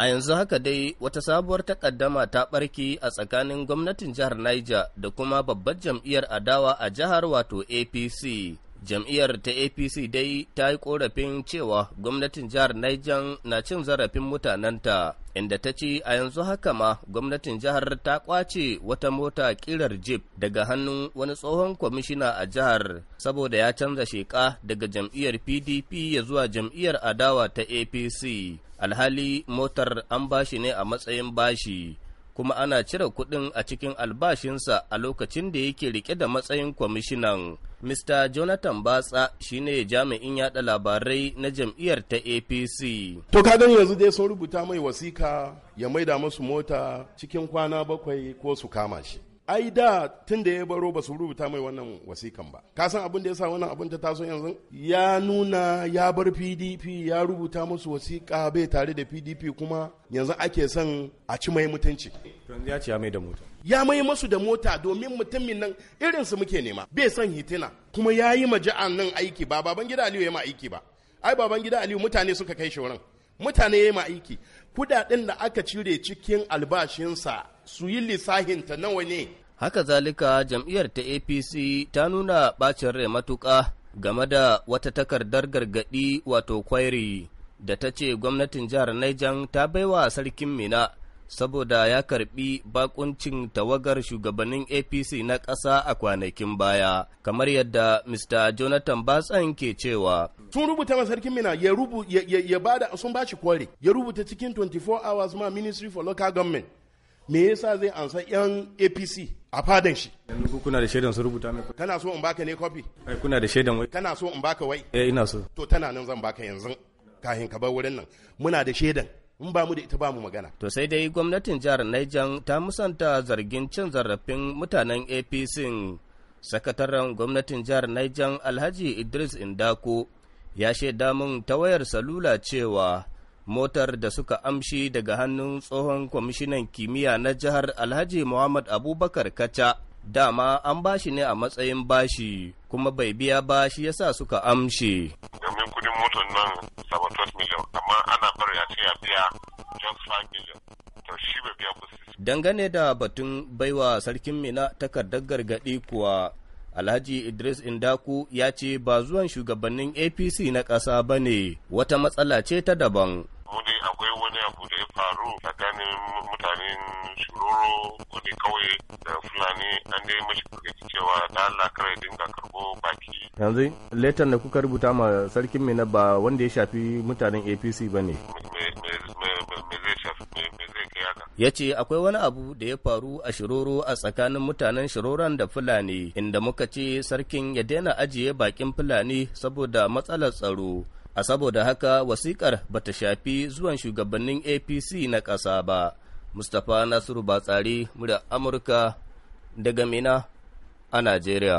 A yanzu haka dai wata sabuwar takaddama ta barki a tsakanin gwamnatin jihar Niger da kuma babbar jam'iyyar adawa a jihar wato APC. Jam'iyyar ta APC dai ta yi korafin cewa gwamnatin jihar Niger na cin zarafin mutanenta, inda ta ce a yanzu haka ma gwamnatin jihar ta kwace wata mota kirar jeep daga hannun wani tsohon kwamishina a jihar saboda ya canza sheka daga jam'iyyar PDP ya zuwa jam'iyyar adawa ta APC. alhali motar an bashi ne a matsayin bashi kuma ana cire kuɗin a cikin albashinsa a lokacin da yake rike da matsayin kwamishinan. Mr. Jonathan Batsa shine jami'in yada labarai na jam'iyyar ta APC. To ka gani yanzu dai sun rubuta mai wasika ya maida musu mota cikin kwana bakwai ko su kama shi. ai da tun da ya baro ba su rubuta mai wannan wasikan ba ka san abin da ya sa wannan abin ta taso yanzu ya nuna ya bar pdp ya rubuta musu wasiƙa bai tare da pdp kuma yanzu ake son a ci mai mutunci ya ci ya mai da mota ya mai masu da mota domin mutumin nan irin su muke nema bai son hitina kuma ya yi maja'an nan aiki ba baban gida aliyu ya ma aiki ba ai baban gida aliyu mutane suka kai shi wurin mutane ya ma aiki kudaden da aka cire cikin albashinsa su yi lissahinta nawa ne Haka zalika jam'iyyar ta APC ta nuna ɓacin rai matuƙa game da wata takardar gargaɗi wato kwairi da ta ce gwamnatin jihar Niger ta baiwa sarkin Mina saboda ya karbi bakuncin tawagar shugabannin APC na ƙasa a kwanakin baya, kamar yadda Mr. Jonathan Batsan ke cewa. Sun rubuta ma sarkin mina ya rubu ya, ya, ya bada sun bashi kware, ya rubuta cikin 24 hours ma Ministry for Local Government. me yasa zai ansa yan apc a fadan shi yanzu kuna da shaidan su rubuta mai kana so in baka ne kofi ai kuna da shaidan wai kana so in baka wai eh ina so to tana nan zan baka yanzu kahin ka bar wurin nan muna da shaidan in ba mu da ita ba mu magana. To sai dai gwamnatin jihar Niger ta musanta zargin cin zarafin mutanen APC. Sakataren gwamnatin jihar Niger Alhaji Idris Indako ya shaida mun ta wayar salula cewa motar da suka amshi daga hannun tsohon kwamishinan kimiyya na jihar alhaji muhammad abubakar kaca dama an bashi ne a matsayin bashi kuma bai biya ba shi yasa suka ya ce ya biya dangane da batun baiwa sarkin mina takardar gargaɗi kuwa Alhaji Idris Indaku ya ce ba zuwan shugabannin APC na ƙasa ba ne wata matsala ce ta daban. mu dai akwai wani abu da ya faru tsakanin mutanen shiroro wani kawai da fulani an dai mashi kurgaci cewa da Allah kare dinga karbo baki yanzu letter da kuka rubuta ma sarkin mai ba wanda ya shafi mutanen APC ba ne. ya ce akwai wani abu da ya faru a shiroro a tsakanin mutanen shiroron da fulani inda muka ce sarkin ya daina ajiye bakin fulani saboda matsalar tsaro a saboda haka wasikar ba ta shafi zuwan shugabannin apc na ƙasa ba mustapha nasiru batsari murya amurka daga mina a najeriya